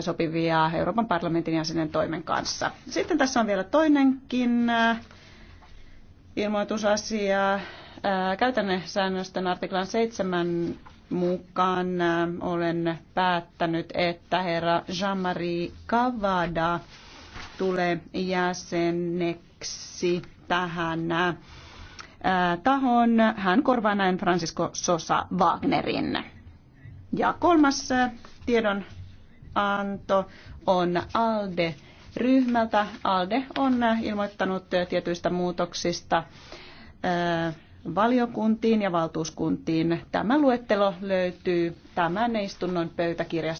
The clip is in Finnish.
sopivia Euroopan parlamentin jäsenen toimen kanssa. Sitten tässä on vielä toinenkin äh, ilmoitusasia. Äh, käytännön säännösten artiklan 7 mukaan äh, olen päättänyt, että herra Jean-Marie Cavada tulee jäseneksi tähän tahon. Hän korvaa näin Francisco Sosa Wagnerin. Ja kolmas tiedon tiedonanto on ALDE ryhmältä. ALDE on äh, ilmoittanut äh, tietyistä muutoksista äh, valiokuntiin ja valtuuskuntiin. Tämä luettelo löytyy tämän istunnon pöytäkirjasta.